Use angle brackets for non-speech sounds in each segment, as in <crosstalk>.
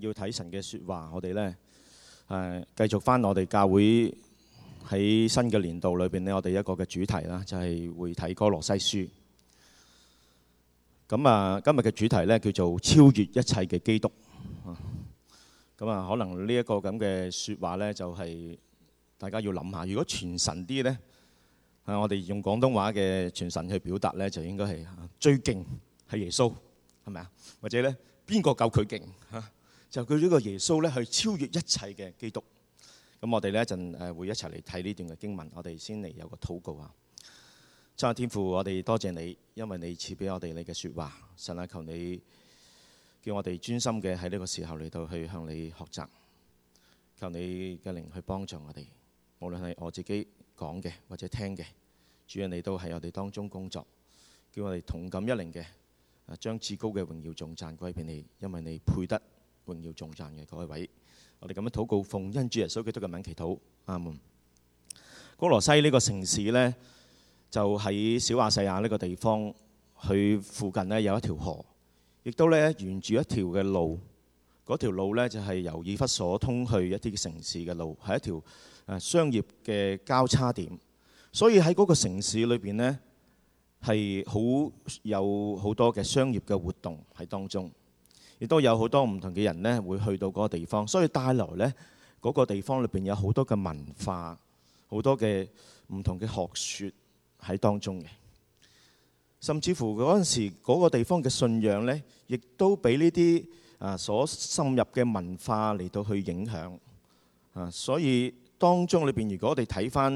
要睇神嘅說話，我哋呢誒、啊，繼續翻我哋教會喺新嘅年度裏邊呢，我哋一個嘅主題啦，就係會睇哥羅西書。咁啊，今日嘅主題呢，叫做超越一切嘅基督。咁啊，啊，可能呢一個咁嘅說話呢，就係、是、大家要諗下。如果傳神啲呢，啊，我哋用廣東話嘅傳神去表達呢，就應該係最勁係耶穌，係咪啊？或者呢，邊個夠佢勁吓？啊就佢呢個耶穌咧，係超越一切嘅基督。咁我哋呢，一陣誒會一齊嚟睇呢段嘅經文。我哋先嚟有個禱告啊！真係天父，我哋多謝你，因為你賜俾我哋你嘅説話。神啊，求你叫我哋專心嘅喺呢個時候嚟到去向你學習。求你嘅靈去幫助我哋，無論係我自己講嘅或者聽嘅，主啊，你都喺我哋當中工作，叫我哋同感一靈嘅啊，將至高嘅榮耀仲讚歸俾你，因為你配得。榮耀重讚嘅各位，我哋咁樣禱告，奉恩主耶穌基督嘅名祈禱，阿門！哥羅西呢個城市呢，就喺小亞細亞呢個地方，佢附近呢有一條河，亦都呢沿住一條嘅路，嗰條路呢就係由以弗所通去一啲城市嘅路，係一條誒商業嘅交叉點，所以喺嗰個城市裏邊呢，係好有好多嘅商業嘅活動喺當中，亦都有好多唔同嘅人呢，會去到嗰個地方，所以帶來呢，嗰個地方裏邊有好多嘅文化，好多嘅唔同嘅學説喺當中嘅。甚至乎嗰陣時嗰個地方嘅信仰呢，亦都俾呢啲啊所深入嘅文化嚟到去影響啊。所以當中裏邊，如果我哋睇翻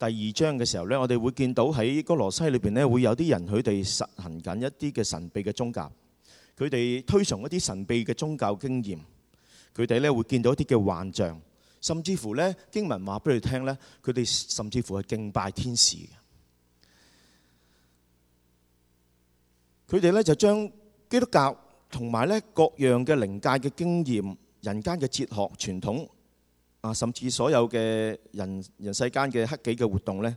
第二章嘅時候呢，我哋會見到喺哥羅西裏邊呢，會有啲人佢哋實行緊一啲嘅神秘嘅宗教。佢哋推崇一啲神秘嘅宗教經驗，佢哋咧會見到一啲嘅幻象，甚至乎咧經文話俾佢哋聽咧，佢哋甚至乎係敬拜天使嘅。佢哋咧就將基督教同埋咧各樣嘅靈界嘅經驗、人間嘅哲學傳統啊，甚至所有嘅人人世間嘅黑幾嘅活動咧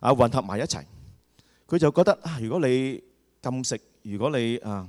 啊，混合埋一齊。佢就覺得啊，如果你禁食，如果你啊，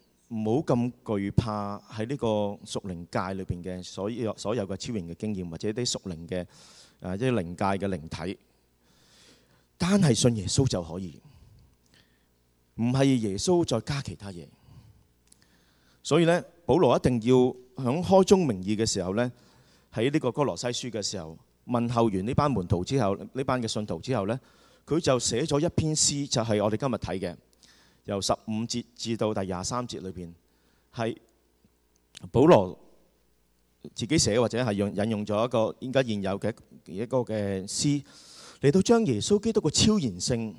唔好咁懼怕喺呢個屬靈界裏邊嘅所有所有嘅超人嘅經驗，或者啲屬靈嘅誒一啲靈界嘅靈體，單係信耶穌就可以，唔係耶穌再加其他嘢。所以呢，保羅一定要響開宗明義嘅時候呢，喺呢個哥羅西書嘅時候問候完呢班門徒之後，呢班嘅信徒之後呢，佢就寫咗一篇詩，就係我哋今日睇嘅。由十五節至到第廿三節裏邊，係保羅自己寫，或者係引引用咗一個依家現有嘅一個嘅詩，嚟到將耶穌基督嘅超然性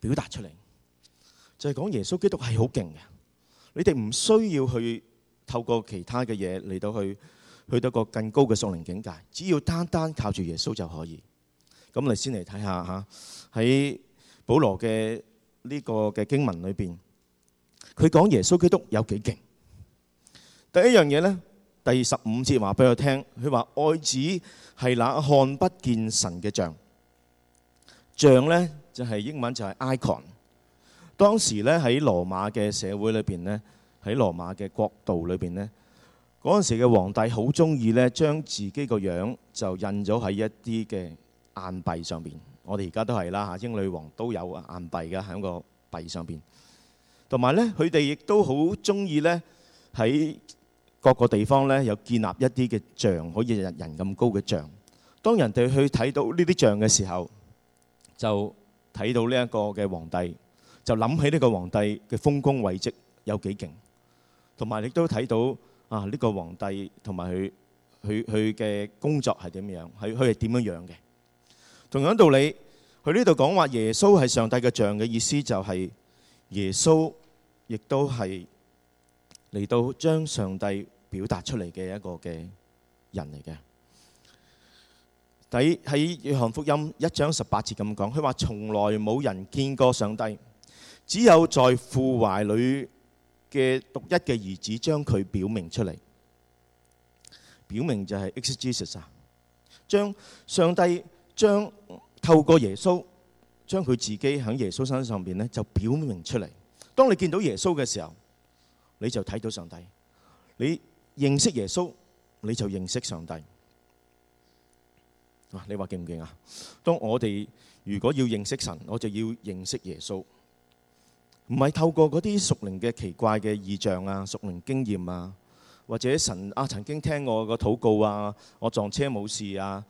表達出嚟，就係講耶穌基督係好勁嘅。你哋唔需要去透過其他嘅嘢嚟到去去到一個更高嘅屬靈境界，只要單單靠住耶穌就可以。咁我哋先嚟睇下嚇，喺保羅嘅。呢個嘅經文裏邊，佢講耶穌基督有幾勁？第一樣嘢呢，第十五節話俾我聽，佢話愛子係那看不見神嘅像，像呢，就係、是、英文就係 icon。當時呢，喺羅馬嘅社會裏邊呢，喺羅馬嘅國度裏邊呢，嗰陣時嘅皇帝好中意呢，將自己個樣就印咗喺一啲嘅硬幣上邊。我哋而家都係啦嚇，英女王都有硬幣嘅，喺個幣上邊。同埋咧佢哋亦都好中意咧喺各個地方咧有建立一啲嘅像，好似人人咁高嘅像。當人哋去睇到呢啲像嘅時候，就睇到呢一個嘅皇帝，就諗起呢個皇帝嘅豐功偉績有幾勁，同埋亦都睇到啊呢個皇帝同埋佢佢佢嘅工作係點樣，係佢係點樣樣嘅。同樣道理，佢呢度講話耶穌係上帝嘅像嘅意思，就係耶穌亦都係嚟到將上帝表達出嚟嘅一個嘅人嚟嘅。喺喺《約翰福音》一章十八節咁講，佢話從來冇人見過上帝，只有在父懷裏嘅獨一嘅兒子將佢表明出嚟，表明就係 Exegesis 啊，將上帝。將透過耶穌，將佢自己喺耶穌身上邊咧就表明出嚟。當你見到耶穌嘅時候，你就睇到上帝。你認識耶穌，你就認識上帝。啊，你話勁唔勁啊？當我哋如果要認識神，我就要認識耶穌。唔係透過嗰啲屬靈嘅奇怪嘅異象啊，屬靈經驗啊，或者神啊曾經聽我個禱告啊，我撞車冇事啊。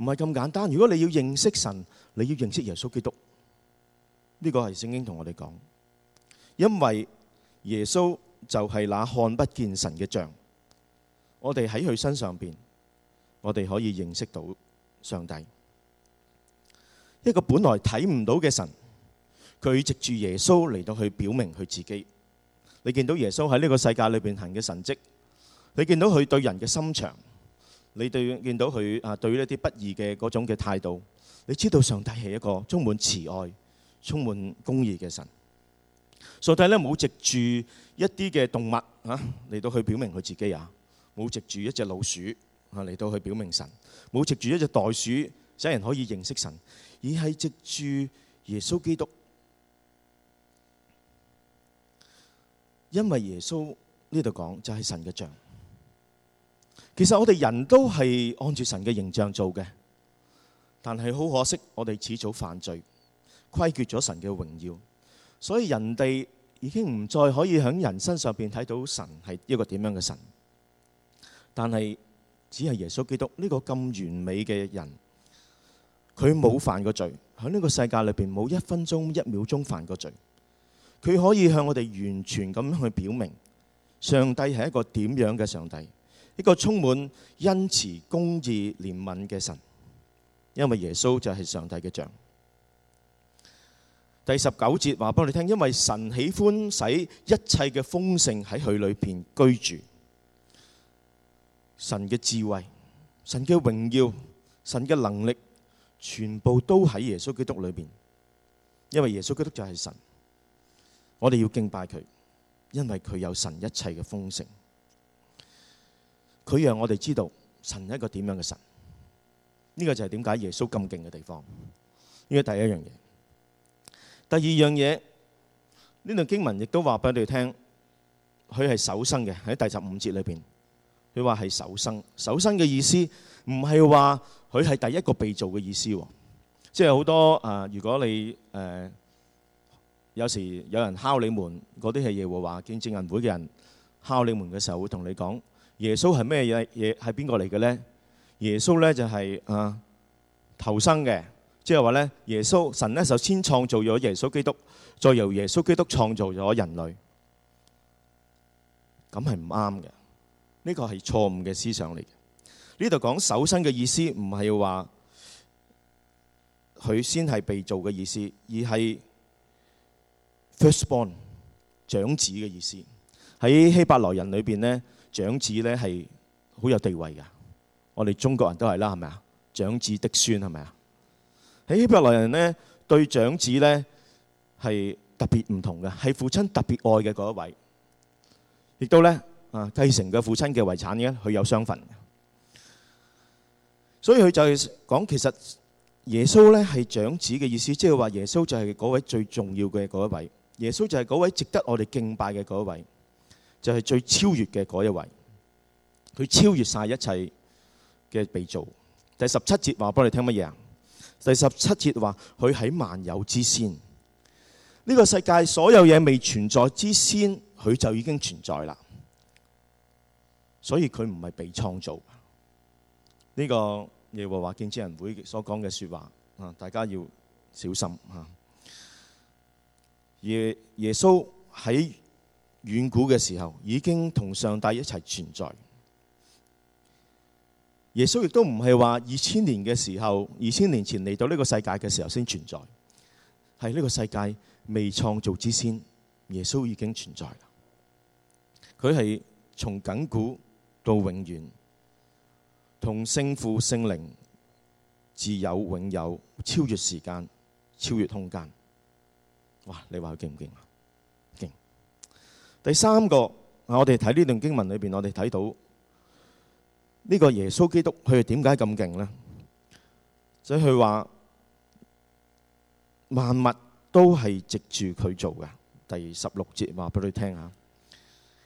唔係咁簡單。如果你要認識神，你要認識耶穌基督。呢個係聖經同我哋講，因為耶穌就係那看不見神嘅像。我哋喺佢身上邊，我哋可以認識到上帝。一個本來睇唔到嘅神，佢藉住耶穌嚟到去表明佢自己。你見到耶穌喺呢個世界裏邊行嘅神蹟，你見到佢對人嘅心腸。你對見到佢啊，對於一啲不義嘅嗰種嘅態度，你知道上帝係一個充滿慈愛、充滿公義嘅神。上帝呢冇藉住一啲嘅動物嚇嚟、啊、到去表明佢自己啊，冇藉住一隻老鼠嚇嚟、啊、到去表明神，冇藉住一隻袋鼠使人可以認識神，而係藉住耶穌基督，因為耶穌呢度講就係神嘅像。其實我哋人都係按住神嘅形象做嘅，但係好可惜，我哋始祖犯罪，虧缺咗神嘅榮耀，所以人哋已經唔再可以喺人身上邊睇到神係一個點樣嘅神。但係只係耶穌基督呢個咁完美嘅人，佢冇犯過罪，喺呢個世界裏邊冇一分鐘一秒鐘犯過罪，佢可以向我哋完全咁去表明，上帝係一個點樣嘅上帝。一個充滿恩慈、公義、憐憫嘅神，因為耶穌就係上帝嘅像。第十九節話俾我哋聽，因為神喜歡使一切嘅豐盛喺佢裏邊居住。神嘅智慧、神嘅榮耀、神嘅能力，全部都喺耶穌基督裏邊。因為耶穌基督就係神，我哋要敬拜佢，因為佢有神一切嘅豐盛。佢讓我哋知道神係一個點樣嘅神，呢個就係點解耶穌咁勁嘅地方。呢個第一樣嘢，第二樣嘢呢度經文亦都話俾你哋聽，佢係首生嘅，喺第十五節裏邊，佢話係首生。首生嘅意思唔係話佢係第一個被造嘅意思，即係好多誒、呃。如果你誒、呃、有時有人敲你門，嗰啲係耶和華見證人會嘅人敲你門嘅時候會跟，會同你講。耶穌係咩嘢嘢係邊個嚟嘅咧？耶穌咧就係、是、啊投生嘅，即係話咧，耶穌神咧首先創造咗耶穌基督，再由耶穌基督創造咗人類，咁係唔啱嘅。呢、這個係錯誤嘅思想嚟。呢度講首生嘅意思，唔係話佢先係被造嘅意思，而係 firstborn 長子嘅意思。喺希伯來人裏邊咧。長子咧係好有地位噶，我哋中國人都係啦，係咪啊？長子的孫係咪啊？喺希伯來人呢，對長子咧係特別唔同嘅，係父親特別愛嘅嗰一位，亦都咧啊，繼承嘅父親嘅遺產嘅，佢有雙份。所以佢就係講其實耶穌咧係長子嘅意思，即係話耶穌就係嗰位最重要嘅嗰一位，耶穌就係嗰位值得我哋敬拜嘅嗰一位。就係最超越嘅嗰一位，佢超越晒一切嘅被造。第十七節話，畀你聽乜嘢啊？第十七節話，佢喺萬有之先。呢個世界所有嘢未存在之先，佢就已經存在啦。所以佢唔係被創造。呢個耶和華見證人會所講嘅說的話啊，大家要小心，耶耶穌喺。遠古嘅時候已經同上帝一齊存在。耶穌亦都唔係話二千年嘅時候，二千年前嚟到呢個世界嘅時候先存在，係呢個世界未創造之先，耶穌已經存在。佢係從亙古到永遠，同聖父、聖靈自有永有，超越時間，超越空間。哇！你話佢勁唔勁啊？第三個，我哋睇呢段經文裏邊，我哋睇到呢個耶穌基督，佢點解咁勁呢？所以佢話萬物都係藉住佢做嘅。第十六節話俾你聽下，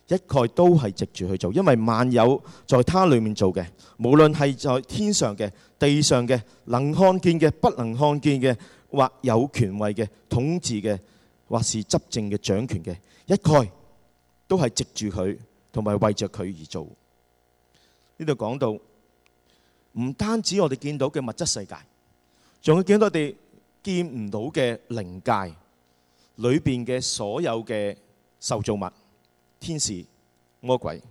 一概都係藉住佢做，因為萬有在他裏面做嘅，無論係在天上嘅、地上嘅、能看見嘅、不能看見嘅，或有權位嘅、統治嘅，或是執政嘅、掌權嘅，一概。都係藉住佢，同埋為着佢而做。呢度講到，唔單止我哋見到嘅物質世界，仲會見到我哋見唔到嘅靈界裏邊嘅所有嘅受造物、天使、魔鬼，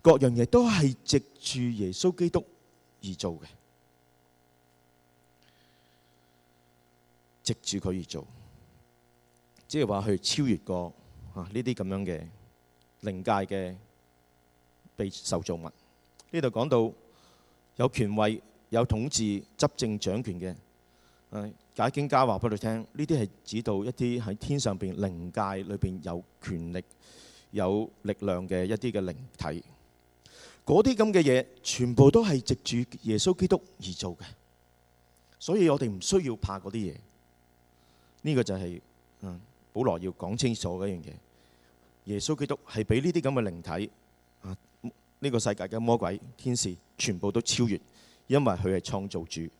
各樣嘢都係藉住耶穌基督而做嘅，藉住佢而做，即係話去超越過啊呢啲咁樣嘅。靈界嘅被受造物，呢度講到有權位、有統治、執政、掌權嘅，解經家話俾你聽，呢啲係指到一啲喺天上邊靈界裏邊有權力、有力量嘅一啲嘅靈體，嗰啲咁嘅嘢全部都係藉住耶穌基督而做嘅，所以我哋唔需要怕嗰啲嘢，呢個就係，嗯，保羅要講清楚嘅一樣嘢。耶穌基督係俾呢啲咁嘅靈體啊，呢、這個世界嘅魔鬼、天使，全部都超越，因為佢係創造主。呢、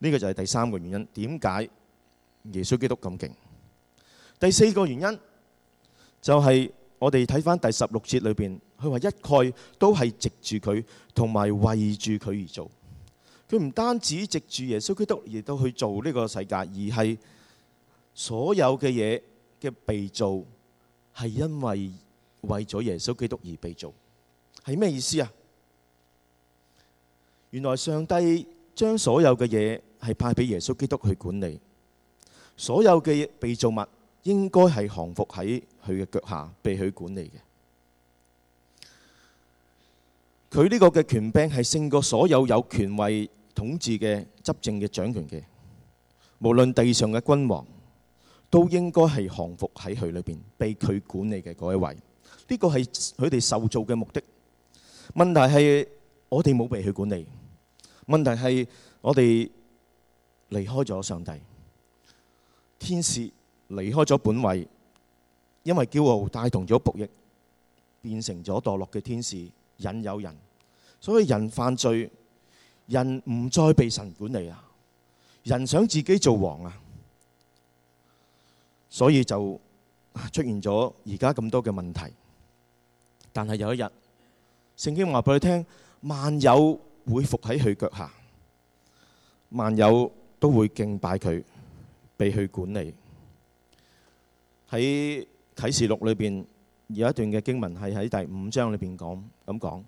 這個就係第三個原因，點解耶穌基督咁勁？第四個原因就係、是、我哋睇翻第十六節裏邊，佢話一概都係藉住佢，同埋為住佢而做。佢唔單止藉住耶穌基督，亦都去做呢個世界，而係所有嘅嘢嘅被造。係因為為咗耶穌基督而被造，係咩意思啊？原來上帝將所有嘅嘢係派俾耶穌基督去管理，所有嘅被造物應該係降服喺佢嘅腳下，被佢管理嘅。佢呢個嘅權柄係勝過所有有權位統治嘅執政嘅掌權嘅，無論地上嘅君王。都應該係降服喺佢裏邊，被佢管理嘅嗰一位。呢個係佢哋受造嘅目的。問題係我哋冇被佢管理，問題係我哋離開咗上帝，天使離開咗本位，因為驕傲帶動咗貪欲，變成咗墮落嘅天使，引誘人。所以人犯罪，人唔再被神管理啦，人想自己做王啊！所以就出現咗而家咁多嘅問題，但係有一日聖經話俾佢聽，萬有會伏喺佢腳下，萬有都會敬拜佢，被佢管理。喺啟示錄裏邊有一段嘅經文係喺第五章裏邊講咁講，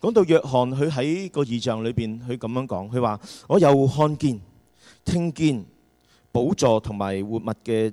講到約翰佢喺個異象裏邊，佢咁樣講，佢話：我又看見、聽見，寶座同埋活物嘅。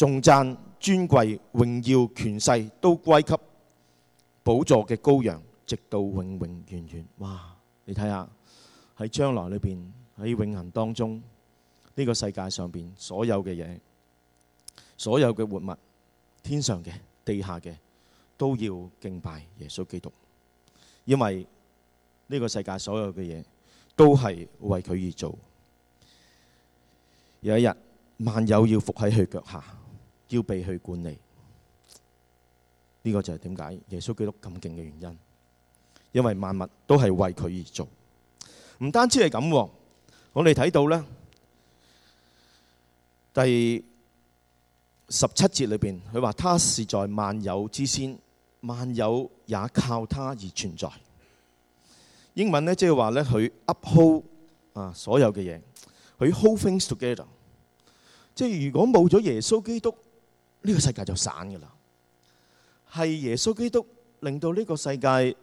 重讚尊貴、榮耀、權勢都歸給寶座嘅羔羊，直到永永遠遠。哇！你睇下喺將來裏邊，喺永恆當中呢個世界上邊所有嘅嘢，所有嘅活物，天上嘅、地下嘅，都要敬拜耶穌基督，因為呢個世界所有嘅嘢都係為佢而做。有一日，萬有要伏喺佢腳下。要被去管理，呢、這個就係點解耶穌基督咁勁嘅原因。因為萬物都係為佢而做，唔單止係咁，我哋睇到咧第十七節裏邊，佢話他是在萬有之先，萬有也靠他而存在。英文呢，即係話呢，佢 uphold 啊所有嘅嘢，佢 hold things together。即係如果冇咗耶穌基督。呢個世界就散噶啦，係耶穌基督令到呢個世界，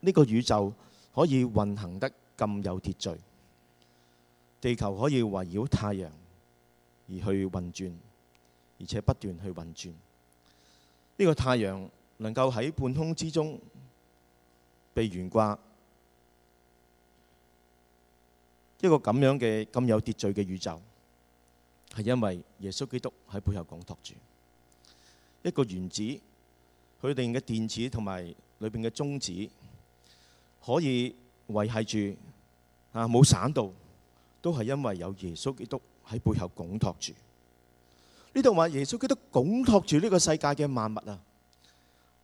呢個宇宙可以運行得咁有秩序，地球可以圍繞太陽而去運轉，而且不斷去運轉。呢個太陽能夠喺半空之中被懸掛，一個咁樣嘅咁有秩序嘅宇宙，係因為耶穌基督喺背後講托住。一個原子，佢哋嘅電子同埋裏邊嘅中子，可以維繫住啊冇散到，都係因為有耶穌基督喺背後拱托住。呢度話耶穌基督拱托住呢個世界嘅萬物啊，呢、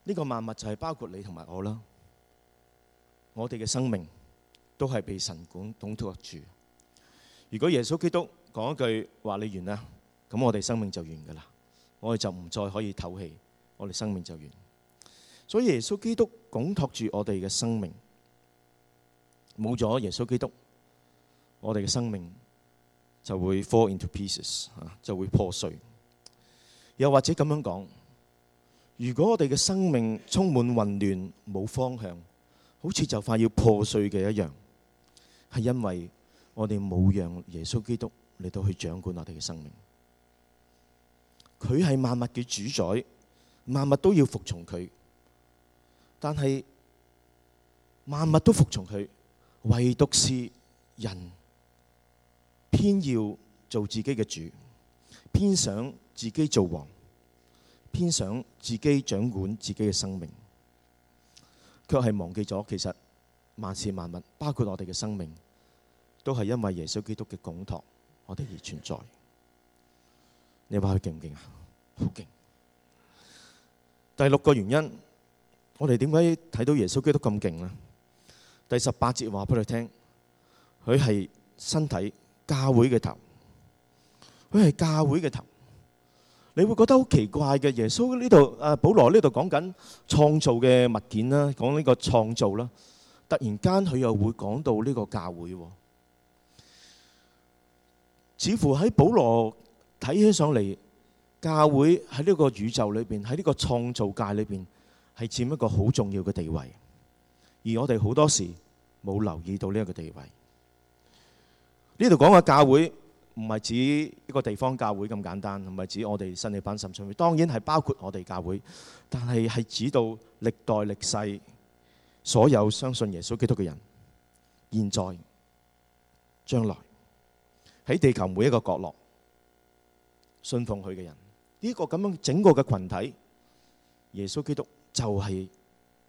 這個萬物就係包括你同埋我啦。我哋嘅生命都係被神管拱托住。如果耶穌基督講一句話，你完啦，咁我哋生命就完噶啦。我哋就唔再可以透氣，我哋生命就完。所以耶穌基督拱托住我哋嘅生命，冇咗耶穌基督，我哋嘅生命就會 fall into pieces，就會破碎。又或者咁樣講，如果我哋嘅生命充滿混亂、冇方向，好似就快要破碎嘅一樣，係因為我哋冇讓耶穌基督嚟到去掌管我哋嘅生命。佢係萬物嘅主宰，萬物都要服從佢。但係萬物都服從佢，唯獨是人，偏要做自己嘅主，偏想自己做王，偏想自己掌管自己嘅生命，卻係忘記咗，其實萬事萬物，包括我哋嘅生命，都係因為耶穌基督嘅拱托，我哋而存在。你話佢勁唔勁啊？好勁！第六個原因，我哋點解睇到耶穌基督咁勁呢？第十八節話俾你聽，佢係身體教會嘅頭，佢係教會嘅頭。你會覺得好奇怪嘅，耶穌呢度啊，保羅呢度講緊創造嘅物件啦，講呢個創造啦，突然間佢又會講到呢個教會，似乎喺保羅。睇起上嚟，教會喺呢個宇宙裏邊，喺呢個創造界裏邊，係佔一個好重要嘅地位。而我哋好多時冇留意到呢一個地位。呢度講嘅教會唔係指一個地方教會咁簡單，唔係指我哋新理班神上會，當然係包括我哋教會，但係係指到歷代歷世所有相信耶穌基督嘅人，現在、將來喺地球每一個角落。信奉佢嘅人，呢個咁樣整個嘅群體，耶穌基督就係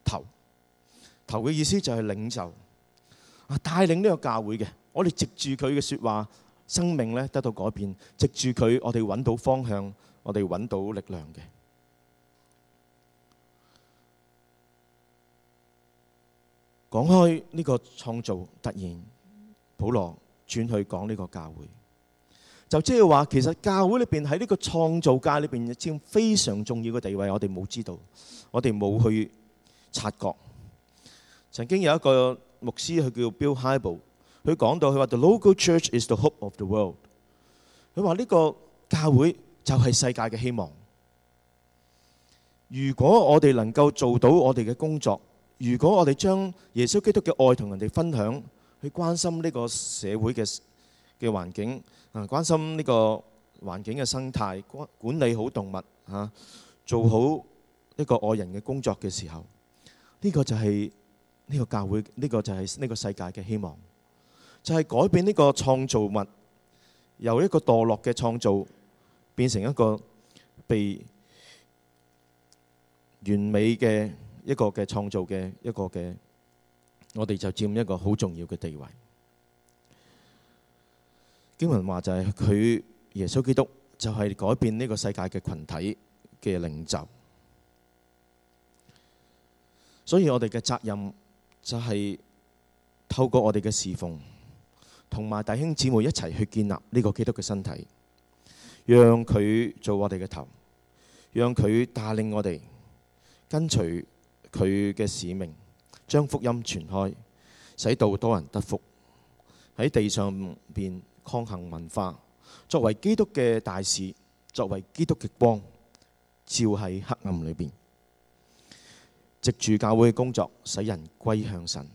頭。頭嘅意思就係領袖啊，帶領呢個教會嘅，我哋藉住佢嘅說話，生命咧得到改變，藉住佢，我哋搵到方向，我哋搵到力量嘅。講開呢個創造，突然保羅轉去講呢個教會。就即係話，其實教會裏邊喺呢個創造界裏邊佔非常重要嘅地位，我哋冇知道，我哋冇去察覺。曾經有一個牧師，佢叫 Bill Hybels，佢講到佢話：The local church is the hope of the world。佢話呢個教會就係世界嘅希望。如果我哋能夠做到我哋嘅工作，如果我哋將耶穌基督嘅愛同人哋分享，去關心呢個社會嘅，嘅環境啊，關心呢個環境嘅生態，管理好動物吓，做好一個愛人嘅工作嘅時候，呢、這個就係呢個教會，呢、這個就係呢個世界嘅希望，就係、是、改變呢個創造物，由一個墮落嘅創造變成一個被完美嘅一個嘅創造嘅一個嘅，我哋就佔一個好重要嘅地位。英文話就係佢，耶穌基督就係改變呢個世界嘅群體嘅領袖，所以我哋嘅責任就係透過我哋嘅侍奉，同埋弟兄姊妹一齊去建立呢個基督嘅身體，讓佢做我哋嘅頭，讓佢帶領我哋跟隨佢嘅使命，將福音傳開，使到多人得福喺地上邊。抗衡文化，作為基督嘅大使，作為基督嘅光，照喺黑暗裏邊，藉住教會嘅工作，使人歸向神，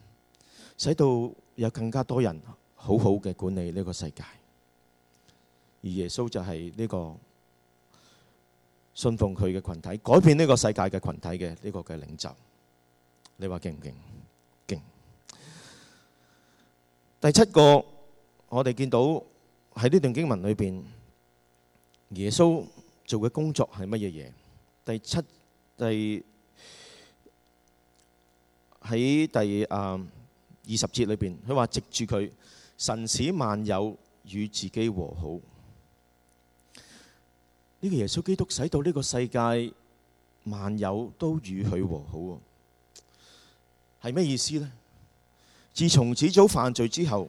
使到有更加多人好好嘅管理呢個世界。而耶穌就係呢個信奉佢嘅群體，改變呢個世界嘅群體嘅呢個嘅領袖，你話勁唔勁？勁。第七個。我哋見到喺呢段經文裏邊，耶穌做嘅工作係乜嘢嘢？第七第喺第二十節裏邊，佢話藉住佢，神使萬有與自己和好。呢、這個耶穌基督使到呢個世界萬有都與佢和好，係咩意思呢？自從始祖犯罪之後。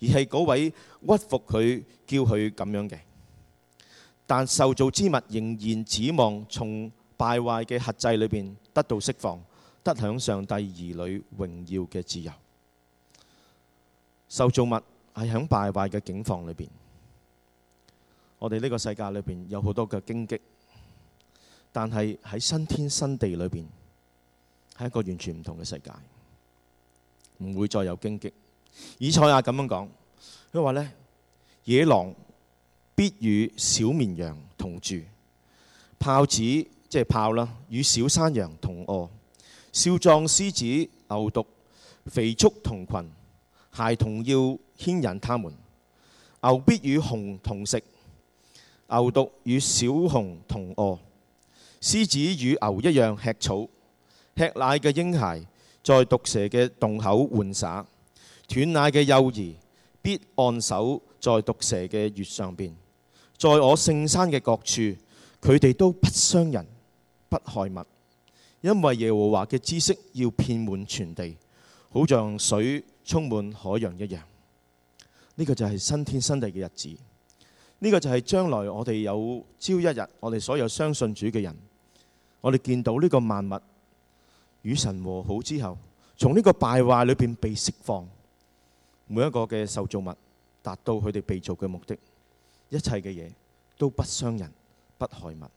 而係嗰位屈服佢，叫佢咁樣嘅。但受造之物仍然指望從敗壞嘅轄制裏邊得到釋放，得享上帝兒女榮耀嘅自由。受造物係響敗壞嘅境況裏邊，我哋呢個世界裏邊有好多嘅荊棘，但係喺新天新地裏邊係一個完全唔同嘅世界，唔會再有荊棘。以賽亞咁樣講，佢話呢：「野狼必與小綿羊同住，豹子即係豹啦，與小山羊同餓；少壯獅子、牛犢肥畜同群，孩童要牽引他們。牛必與熊同食，牛犢與小熊同餓。獅子與牛一樣吃草，吃奶嘅嬰孩在毒蛇嘅洞口玩耍。」斷奶嘅幼兒必按手在毒蛇嘅穴上邊，在我聖山嘅各處，佢哋都不傷人、不害物，因為耶和華嘅知識要遍滿全地，好像水充滿海洋一樣。呢個就係新天新地嘅日子。呢個就係將來我哋有朝一日，我哋所有相信主嘅人，我哋見到呢個萬物與神和好之後，從呢個敗壞裏邊被釋放。每一個嘅受造物達到佢哋被造嘅目的，一切嘅嘢都不傷人、不害物。呢、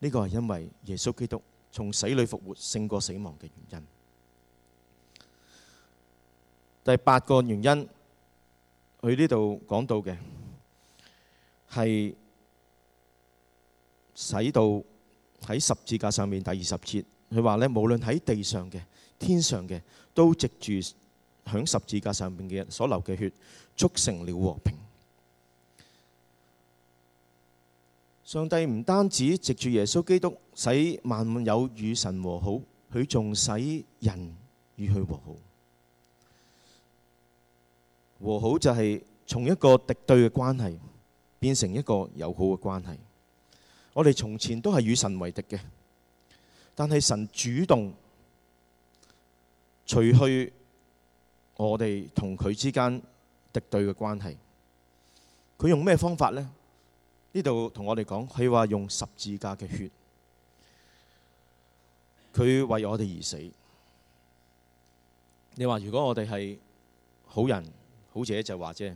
這個係因為耶穌基督從死裏復活勝過死亡嘅原因。第八個原因，佢呢度講到嘅係使到喺十字架上面第二十節，佢話呢，無論喺地上嘅、天上嘅，都藉住，喺十字架上邊嘅人所流嘅血，促成了和平。上帝唔單止藉住耶穌基督使萬有與神和好，佢仲使人與佢和好。和好就係從一個敵對嘅關係，變成一個友好嘅關係。我哋從前都係與神為敵嘅，但係神主動除去。我哋同佢之間敵對嘅關係，佢用咩方法呢？呢度同我哋講，佢話用十字架嘅血，佢為我哋而死。你話如果我哋係好人好姐，就話啫，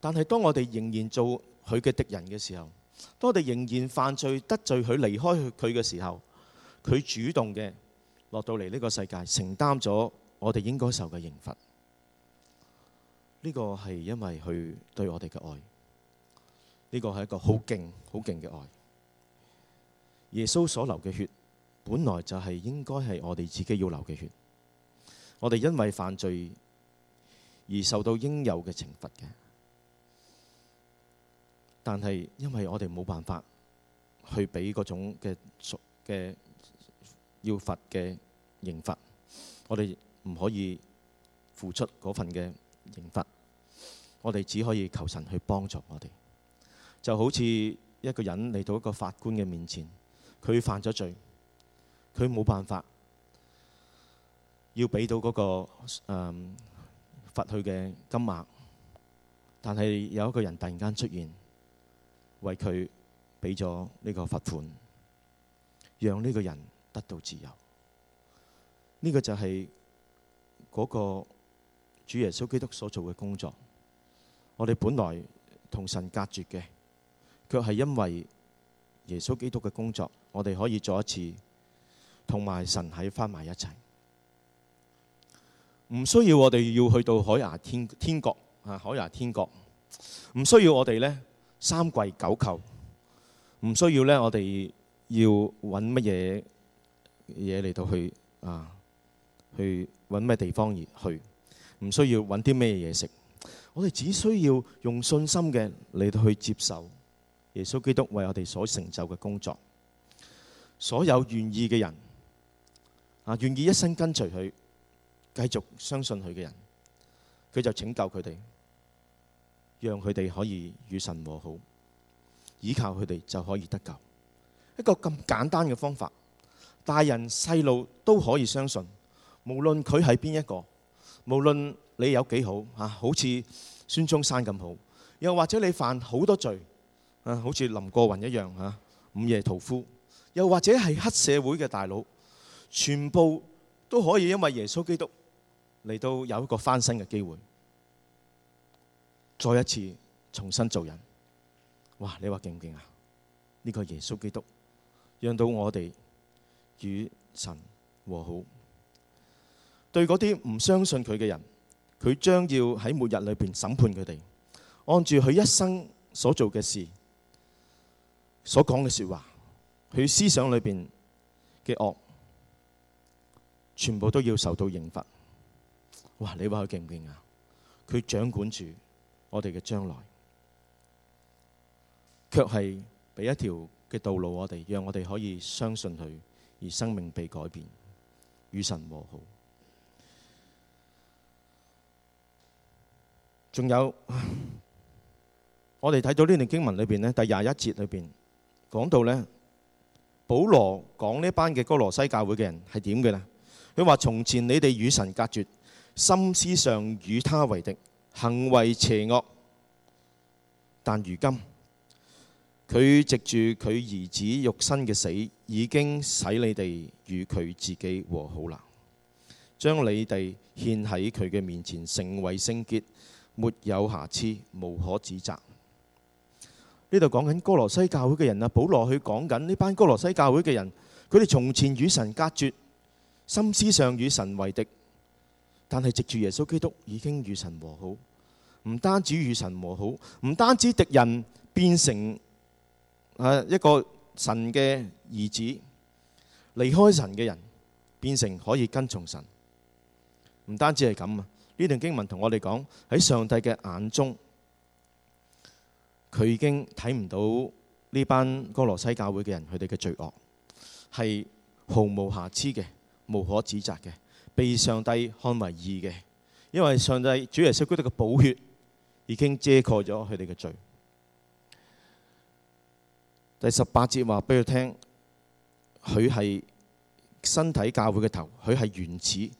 但係當我哋仍然做佢嘅敵人嘅時候，當我哋仍然犯罪得罪佢、離開佢嘅時候，佢主動嘅落到嚟呢個世界，承擔咗我哋應該受嘅刑罰。呢個係因為佢對我哋嘅愛，呢個係一個好勁、好勁嘅愛。耶穌所流嘅血，本來就係應該係我哋自己要流嘅血。我哋因為犯罪而受到應有嘅懲罰嘅，但係因為我哋冇辦法去俾嗰種嘅、嘅要罰嘅刑罰，我哋唔可以付出嗰份嘅，刑罰，我哋只可以求神去幫助我哋，就好似一個人嚟到一個法官嘅面前，佢犯咗罪，佢冇辦法要俾到嗰個罰佢嘅金額，但係有一個人突然間出現，為佢俾咗呢個罰款，讓呢個人得到自由。呢個就係嗰個。主耶穌基督所做嘅工作，我哋本來同神隔絕嘅，卻係因為耶穌基督嘅工作，我哋可以再一次同埋神喺翻埋一齊。唔需要我哋要去到海牙天天國啊，海牙天國唔需要我哋呢三跪九叩，唔需要呢，我哋要揾乜嘢嘢嚟到去啊，去揾咩地方而去。唔需要揾啲咩嘢食，我哋只需要用信心嘅嚟去接受耶穌基督為我哋所成就嘅工作。所有願意嘅人啊，願意一生跟隨佢，繼續相信佢嘅人，佢就拯救佢哋，讓佢哋可以與神和好，依靠佢哋就可以得救。一個咁簡單嘅方法，大人細路都可以相信，無論佢係邊一個。無論你有幾好，吓，好似孫中山咁好，又或者你犯好多罪，啊，好似林過雲一樣，吓，午夜屠夫，又或者係黑社會嘅大佬，全部都可以因為耶穌基督嚟到有一個翻身嘅機會，再一次重新做人。哇！你話勁唔勁啊？呢個耶穌基督讓到我哋與神和好。對嗰啲唔相信佢嘅人，佢將要喺末日裏邊審判佢哋，按住佢一生所做嘅事，所講嘅說話，佢思想裏邊嘅惡，全部都要受到刑罰。哇！你話佢勁唔勁啊？佢掌管住我哋嘅將來，卻係俾一條嘅道路我哋，讓我哋可以相信佢，而生命被改變，與神和好。仲有我哋睇到呢段經文裏邊呢，第廿一節裏邊講到呢，保羅講呢班嘅哥羅西教會嘅人係點嘅呢？佢話：從前你哋與神隔絕，心思上與他為敵，行為邪惡。但如今佢藉住佢兒子肉身嘅死，已經使你哋與佢自己和好啦，將你哋獻喺佢嘅面前，成為聖潔。沒有瑕疵，無可指責。呢度講緊哥羅西教會嘅人啊，保羅去講緊呢班哥羅西教會嘅人，佢哋從前與神隔絕，心思上與神為敵，但係藉住耶穌基督已經與神和好。唔單止與神和好，唔單止敵人變成啊一個神嘅兒子，離開神嘅人變成可以跟從神。唔單止係咁啊！呢段經文同我哋講，喺上帝嘅眼中，佢已經睇唔到呢班哥羅西教會嘅人，佢哋嘅罪惡係毫無瑕疵嘅、無可指責嘅，被上帝看為義嘅，因為上帝主耶穌基督嘅寶血已經遮蓋咗佢哋嘅罪。第十八節話俾佢聽，佢係身體教會嘅頭，佢係元始。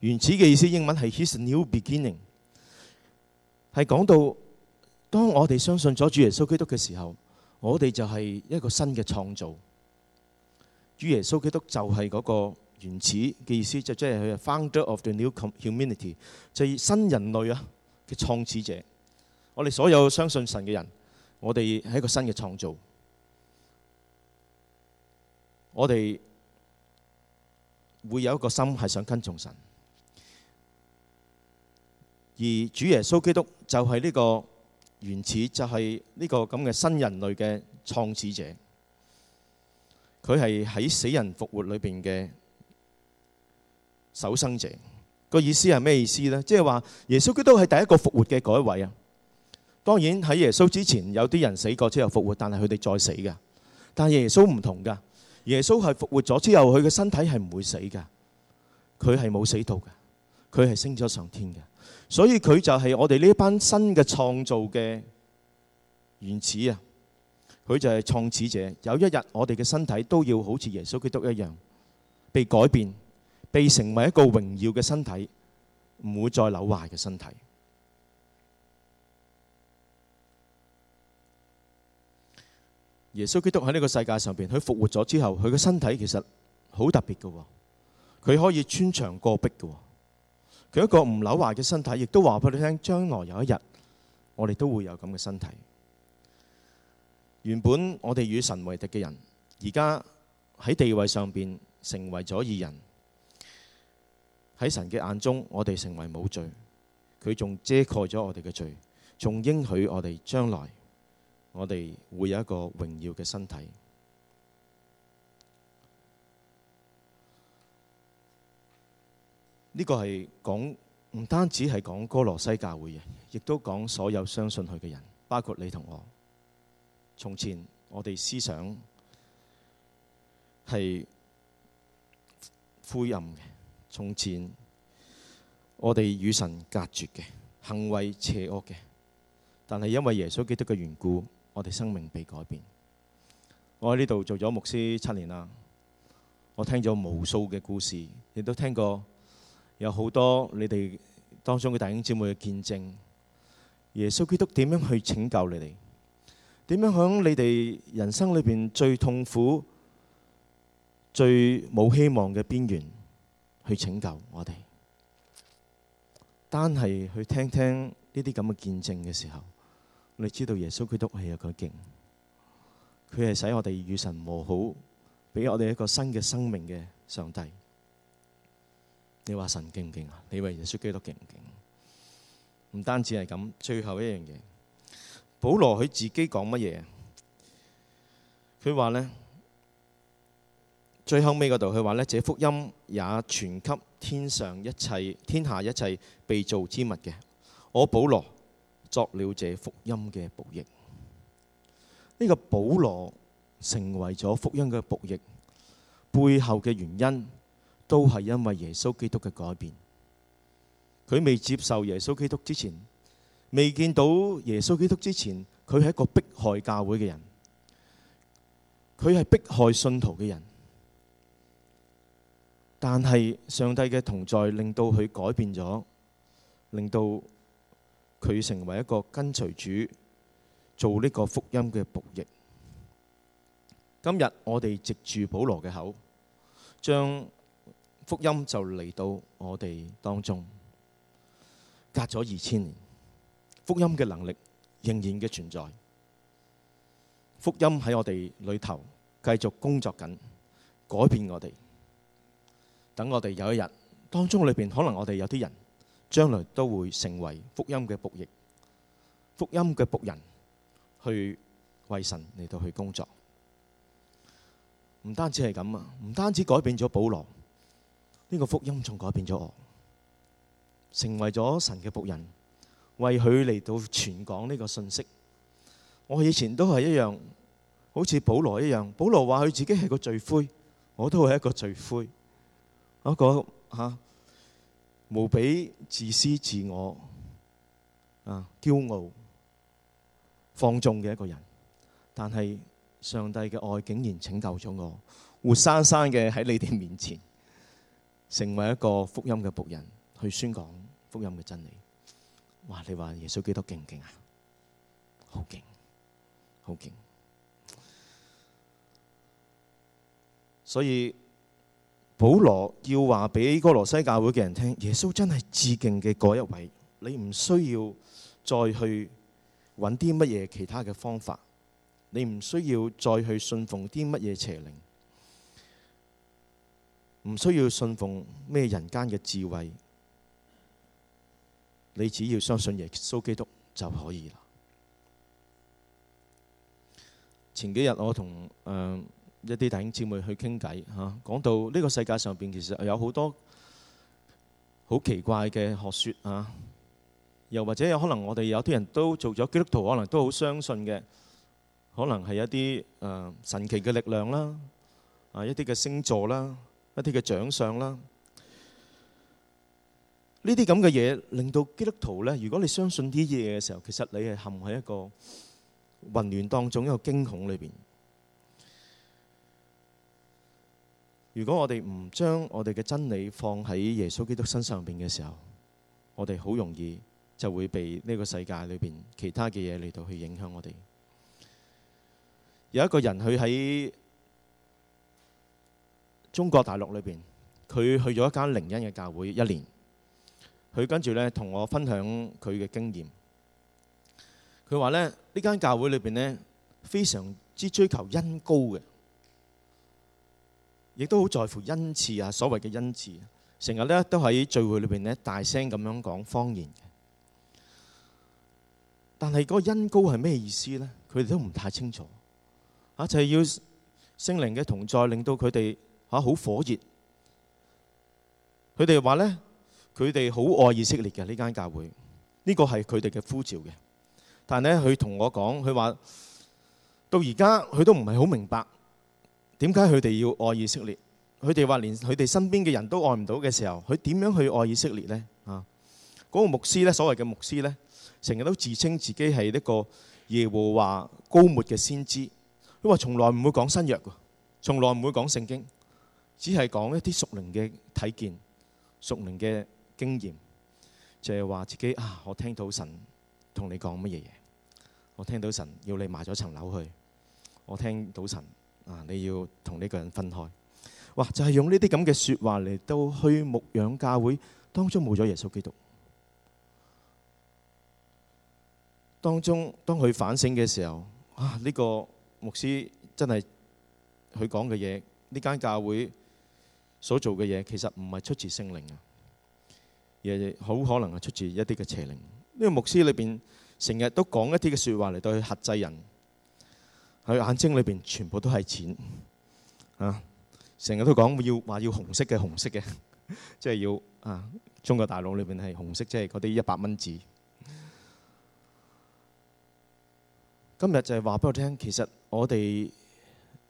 原始嘅意思英文係 His new beginning，係講到當我哋相信咗主耶穌基督嘅時候，我哋就係一個新嘅創造。主耶穌基督就係嗰個原始嘅意思，就即係佢 founder of the new humanity，就係新人類啊嘅創始者。我哋所有相信神嘅人，我哋係一個新嘅創造。我哋會有一個心係想跟從神。而主耶穌基督就係呢個原始，就係呢個咁嘅新人類嘅創始者。佢係喺死人復活裏邊嘅首生者。個意思係咩意思呢？即係話耶穌基督係第一個復活嘅嗰位啊。當然喺耶穌之前有啲人死過之後復活，但係佢哋再死噶。但係耶穌唔同噶，耶穌係復活咗之後，佢嘅身體係唔會死噶。佢係冇死到噶，佢係升咗上天噶。所以佢就係我哋呢班新嘅創造嘅原始啊，佢就係創始者。有一日我哋嘅身體都要好似耶穌基督一樣，被改變，被成為一個榮耀嘅身體，唔會再朽壞嘅身體。耶穌基督喺呢個世界上邊，佢復活咗之後，佢嘅身體其實好特別嘅，佢可以穿牆過壁嘅。佢一個唔朽壞嘅身體，亦都話俾你聽，將來有一日，我哋都會有咁嘅身體。原本我哋與神為敵嘅人，而家喺地位上邊成為咗義人。喺神嘅眼中，我哋成為冇罪。佢仲遮蓋咗我哋嘅罪，仲應許我哋將來，我哋會有一個榮耀嘅身體。呢個係講，唔單止係講哥羅西教會嘅，亦都講所有相信佢嘅人，包括你同我。從前我哋思想係灰暗嘅，從前我哋與神隔絕嘅，行為邪惡嘅。但係因為耶穌基督嘅緣故，我哋生命被改變。我喺呢度做咗牧師七年啦，我聽咗無數嘅故事，亦都聽過。有好多你哋當中嘅弟兄姐妹嘅見證，耶穌基督點樣去拯救你哋？點樣響你哋人生裏面最痛苦、最冇希望嘅邊緣去拯救我哋？單係去聽聽呢啲咁嘅見證嘅時候，你知道耶穌基督係有個勁，佢係使我哋與神和好，俾我哋一個新嘅生命嘅上帝。你話神勁唔勁啊？你話耶穌基督勁唔勁？唔單止係咁，最後一樣嘢，保羅佢自己講乜嘢？佢話呢，最後尾嗰度佢話呢，這福音也傳給天上一切、天下一切被造之物嘅。我保羅作了這福音嘅僕役。呢個保羅成為咗福音嘅僕役，背後嘅原因。都係因為耶穌基督嘅改變。佢未接受耶穌基督之前，未見到耶穌基督之前，佢係一個迫害教會嘅人，佢係迫害信徒嘅人。但係上帝嘅同在令到佢改變咗，令到佢成為一個跟隨主做呢個福音嘅僕役。今日我哋藉住保羅嘅口，將福音就嚟到我哋當中，隔咗二千年，福音嘅能力仍然嘅存在，福音喺我哋裏頭繼續工作緊，改變我哋。等我哋有一日當中裏邊，可能我哋有啲人將來都會成為福音嘅僕役，福音嘅僕人去為神嚟到去工作。唔單止係咁啊，唔單止改變咗保羅。呢個福音仲改變咗我，成為咗神嘅僕人，為佢嚟到傳講呢個信息。我以前都係一樣，好似保羅一樣。保羅話佢自己係個罪魁，我都係一個罪魁，一、那個嚇、啊、無比自私自我啊、驕傲放縱嘅一個人。但係上帝嘅愛竟然拯救咗我，活生生嘅喺你哋面前。成為一個福音嘅僕人，去宣講福音嘅真理。哇！你話耶穌基督勁唔勁啊？好勁，好勁。所以保羅要話俾哥羅西教會嘅人聽，耶穌真係至勁嘅嗰一位。你唔需要再去揾啲乜嘢其他嘅方法，你唔需要再去信奉啲乜嘢邪靈。唔需要信奉咩人間嘅智慧，你只要相信耶穌基督就可以啦。前幾日我同誒一啲弟兄姐妹去傾偈吓，講到呢個世界上邊其實有好多好奇怪嘅學説嚇，又或者有可能我哋有啲人都做咗基督徒，可能都好相信嘅，可能係一啲誒神奇嘅力量啦，啊一啲嘅星座啦。一啲嘅獎賞啦，呢啲咁嘅嘢令到基督徒咧，如果你相信啲嘢嘅時候，其實你係陷喺一個混亂當中，一個驚恐裏邊。如果我哋唔將我哋嘅真理放喺耶穌基督身上邊嘅時候，我哋好容易就會被呢個世界裏邊其他嘅嘢嚟到去影響我哋。有一個人佢喺中國大陸裏邊，佢去咗一間靈恩嘅教會一年，佢跟住咧同我分享佢嘅經驗。佢話咧呢間教會裏邊呢，非常之追求恩高嘅，亦都好在乎恩賜啊，所謂嘅恩賜，成日咧都喺聚會裏邊咧大聲咁樣講方言。但係嗰個恩高係咩意思呢？佢哋都唔太清楚。啊，就係要聖靈嘅同在，令到佢哋。嚇好、啊、火熱，佢哋話呢，佢哋好愛以色列嘅呢間教會，呢、這個係佢哋嘅呼召嘅。但呢，佢同我講，佢話到而家佢都唔係好明白點解佢哋要愛以色列。佢哋話連佢哋身邊嘅人都愛唔到嘅時候，佢點樣去愛以色列呢？啊，嗰、那個牧師呢，所謂嘅牧師呢，成日都自稱自己係一個耶和華高沫嘅先知。佢話從來唔會講新約，從來唔會講聖經。只係講一啲屬靈嘅睇見、屬靈嘅經驗，就係話自己啊，我聽到神同你講乜嘢嘢。我聽到神要你賣咗層樓去，我聽到神啊，你要同呢個人分開。哇！就係用呢啲咁嘅説話嚟到去牧養教會，當中冇咗耶穌基督。當中當佢反省嘅時候啊，呢個牧師真係佢講嘅嘢，呢間教會。所做嘅嘢其實唔係出自聖靈啊，亦好可能係出自一啲嘅邪靈。呢個牧師裏邊成日都講一啲嘅説話嚟對核製人，佢眼睛裏邊全部都係錢啊！成日都講要話要紅色嘅紅色嘅，即 <laughs> 係要啊！中國大陸裏邊係紅色，即係嗰啲一百蚊紙。今日就係話俾我聽，其實我哋。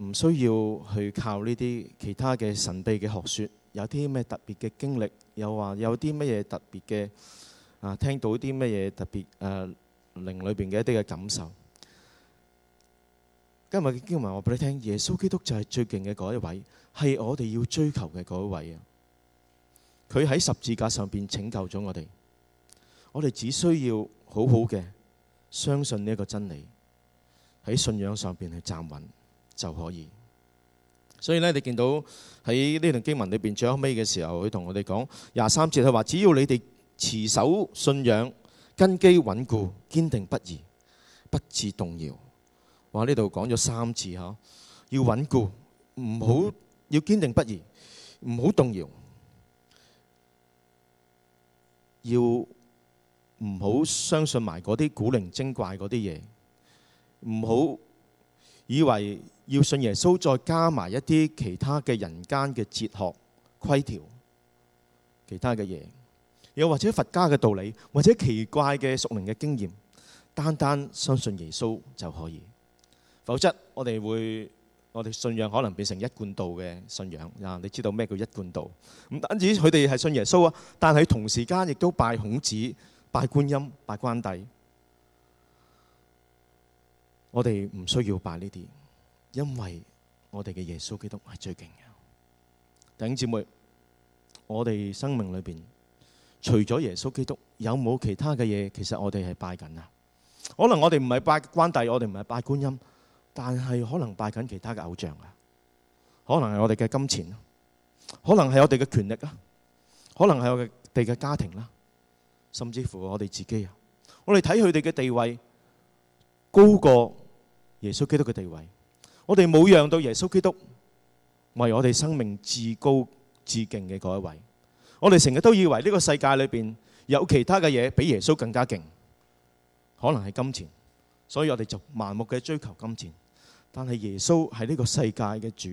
唔需要去靠呢啲其他嘅神秘嘅學説，有啲咩特別嘅經歷，又話有啲乜嘢特別嘅啊？聽到啲乜嘢特別誒、啊、靈裏邊嘅一啲嘅感受。今日嘅經文話俾你聽，耶穌基督就係最勁嘅嗰一位，係我哋要追求嘅嗰一位啊！佢喺十字架上邊拯救咗我哋，我哋只需要很好好嘅相信呢一個真理，喺信仰上邊去站穩。就可以，所以呢，你見到喺呢段經文裏邊，最後尾嘅時候，佢同我哋講廿三節，佢話只要你哋持守信仰，根基穩固，堅定不移，不致動搖。哇！呢度講咗三次嗬，要穩固，唔好要堅定不移，唔好動搖，要唔好相信埋嗰啲古靈精怪嗰啲嘢，唔好以為。要信耶穌，再加埋一啲其他嘅人間嘅哲學規條，其他嘅嘢，又或者佛家嘅道理，或者奇怪嘅屬靈嘅經驗，單單相信耶穌就可以。否則，我哋會，我哋信仰可能變成一貫道嘅信仰啊！你知道咩叫一貫道？唔單止佢哋係信耶穌啊，但係同時間亦都拜孔子、拜觀音、拜關帝。我哋唔需要拜呢啲。因為我哋嘅耶穌基督係最勁嘅。弟兄姊妹，我哋生命裏邊，除咗耶穌基督，有冇其他嘅嘢？其實我哋係拜緊啊。可能我哋唔係拜關帝，我哋唔係拜觀音，但係可能拜緊其他嘅偶像啊。可能係我哋嘅金錢，可能係我哋嘅權力啊，可能係我哋嘅家庭啦，甚至乎我哋自己啊。我哋睇佢哋嘅地位高過耶穌基督嘅地位。我哋冇讓到耶穌基督為我哋生命至高至勁嘅嗰一位，我哋成日都以為呢個世界裏邊有其他嘅嘢比耶穌更加勁，可能係金錢，所以我哋就盲目嘅追求金錢。但係耶穌係呢個世界嘅主，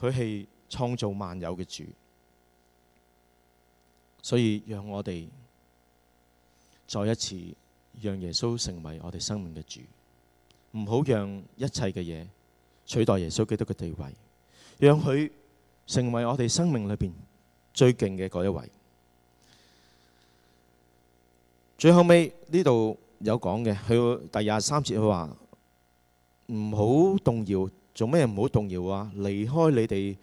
佢係創造萬有嘅主，所以讓我哋再一次讓耶穌成為我哋生命嘅主，唔好讓一切嘅嘢。取代耶穌基督嘅地位，讓佢成為我哋生命裏邊最勁嘅嗰一位。最後尾呢度有講嘅，佢第廿三節佢話唔好動搖，做咩唔好動搖啊？離開你哋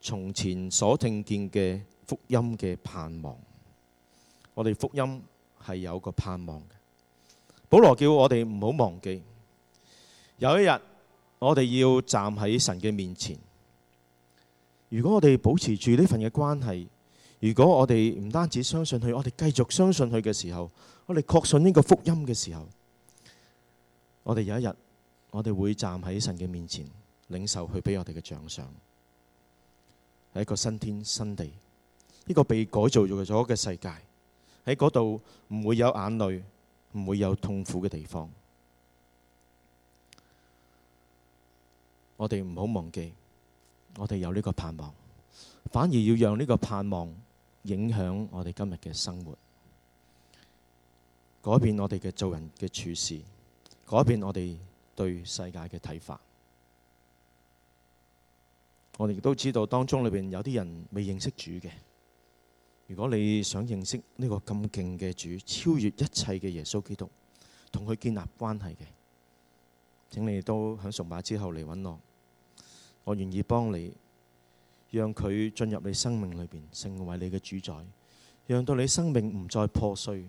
從前所聽見嘅福音嘅盼望，我哋福音係有個盼望嘅。保羅叫我哋唔好忘記，有一日。我哋要站喺神嘅面前。如果我哋保持住呢份嘅關係，如果我哋唔單止相信佢，我哋繼續相信佢嘅時候，我哋確信呢個福音嘅時候，我哋有一日，我哋會站喺神嘅面前，領受佢俾我哋嘅獎賞，喺一個新天新地，呢個被改造咗嘅世界，喺嗰度唔會有眼淚，唔會有痛苦嘅地方。我哋唔好忘記，我哋有呢個盼望，反而要讓呢個盼望影響我哋今日嘅生活，改變我哋嘅做人嘅處事，改變我哋對世界嘅睇法。我哋亦都知道當中裏面有啲人未認識主嘅。如果你想認識呢個咁勁嘅主，超越一切嘅耶穌基督，同佢建立關係嘅，請你都喺崇拜之後嚟搵我，我願意幫你，讓佢進入你生命裏邊，成為你嘅主宰，讓到你生命唔再破碎，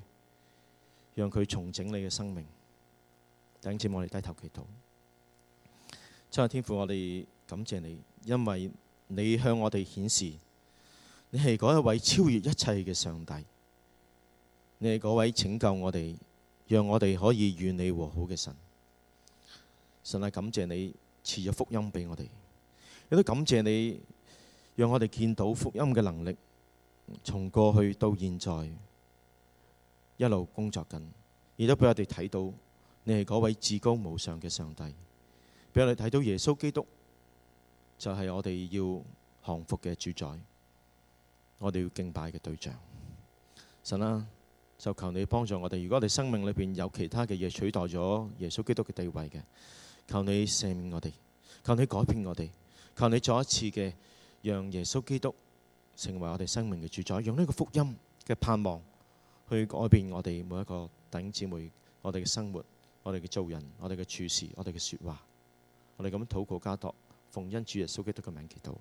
讓佢重整你嘅生命。等住我哋低頭祈禱。親愛天父，我哋感謝你，因為你向我哋顯示，你係嗰一位超越一切嘅上帝，你係嗰位拯救我哋，讓我哋可以與你和好嘅神。神啊，感謝你賜咗福音俾我哋。亦都感謝你，讓我哋見到福音嘅能力，從過去到現在一路工作緊，亦都俾我哋睇到你係嗰位至高無上嘅上帝，俾我哋睇到耶穌基督就係我哋要降服嘅主宰，我哋要敬拜嘅對象。神啊，就求你幫助我哋。如果我哋生命裏面有其他嘅嘢取代咗耶穌基督嘅地位嘅。求你赦免我哋，求你改變我哋，求你再一次嘅讓耶穌基督成為我哋生命嘅主宰，用呢個福音嘅盼望去改變我哋每一個弟兄姐妹，我哋嘅生活，我哋嘅做人，我哋嘅處事，我哋嘅說話，我哋咁禱告交托，奉恩主耶穌基督嘅名祈禱。